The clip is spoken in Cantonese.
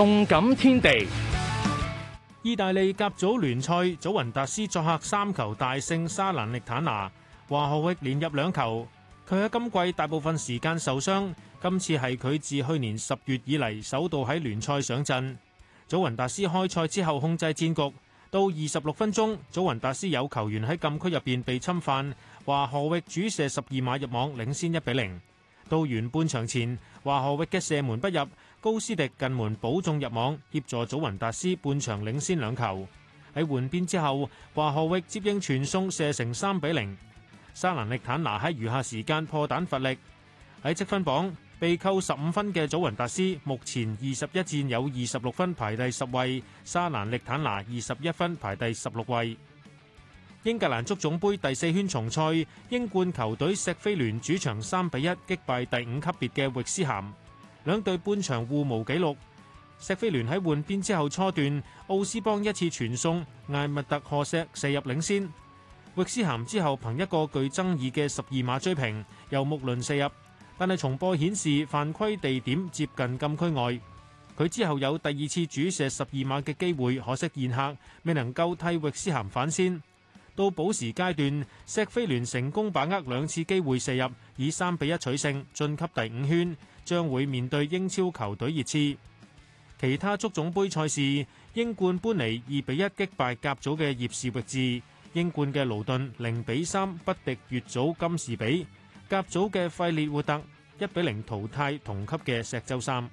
動感天地，意大利甲組聯賽，祖雲達斯作客三球大勝沙蘭歷坦拿，華荷域連入兩球。佢喺今季大部分時間受傷，今次係佢自去年十月以嚟首度喺聯賽上陣。祖雲達斯開賽之後控制戰局，到二十六分鐘，祖雲達斯有球員喺禁區入邊被侵犯，華荷域主射十二碼入網領先一比零。到完半場前，華荷域嘅射門不入。高斯迪近門保中入網，協助祖雲達斯半場領先兩球。喺換邊之後，華荷域接應傳送射成三比零。沙蘭歷坦拿喺餘下時間破蛋乏力。喺積分榜被扣十五分嘅祖雲達斯，目前二十一戰有二十六分，排第十位。沙蘭歷坦拿二十一分，排第十六位。英格蘭足總杯第四圈重賽，英冠球隊錫菲聯主場三比一擊敗第五級別嘅域斯咸。兩隊半場互無紀錄，錫菲聯喺換邊之後初段，奧斯邦一次傳送，艾密特賀錫射入領先。域斯咸之後憑一個具爭議嘅十二碼追平，由木倫射入，但係重播顯示犯規地點接近禁區外。佢之後有第二次主射十二碼嘅機會，可惜現客未能夠替域斯咸反先。到補時階段，錫菲聯成功把握兩次機會射入，以三比一取勝，晉級第五圈，將會面對英超球隊熱刺。其他足總杯賽事，英冠班尼二比一擊敗甲組嘅葉士域治，英冠嘅勞頓零比三不敵乙組金士比，甲組嘅費列活特一比零淘汰同級嘅石洲三。